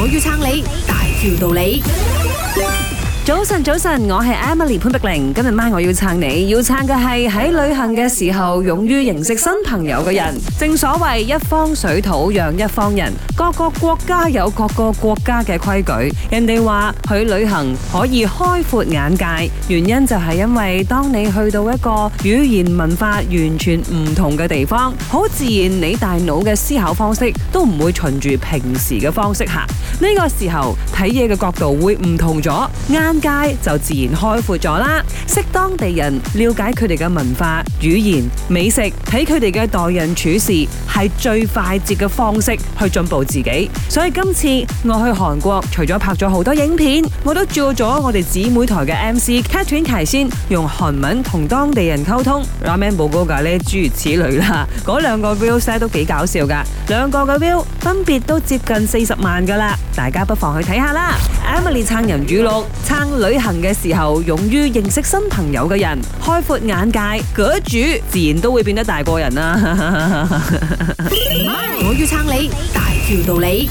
我要撐你，大條道理。早晨，早晨，我係 Emily 潘碧玲。今日晚我要撐你，要撐嘅係喺旅行嘅時候，勇於認識新朋友嘅人。正所謂一方水土養一方人，各個國家有各個國家嘅規矩。人哋話去旅行可以開闊眼界，原因就係因為當你去到一個語言文化完全唔同嘅地方，好自然你大腦嘅思考方式都唔會循住平時嘅方式行。呢個時候睇嘢嘅角度會唔同咗，啱。街就自然開闊咗啦，識當地人，了解佢哋嘅文化、語言、美食，睇佢哋嘅待人處事，係最快捷嘅方式去進步自己。所以今次我去韓國，除咗拍咗好多影片，我都做咗我哋姊妹台嘅 MC cut 短台先，用韓文同當地人溝通，Ramen 報告架咧，諸如此類啦。嗰 兩個 view 咧都幾搞笑噶，兩個嘅 view 分別都接近四十萬噶啦，大家不妨去睇下啦。Emily 撐人語錄撐。旅行嘅時候，勇於認識新朋友嘅人，開闊眼界，個主自然都會變得大過人啦！ 我要撐你，大條道理。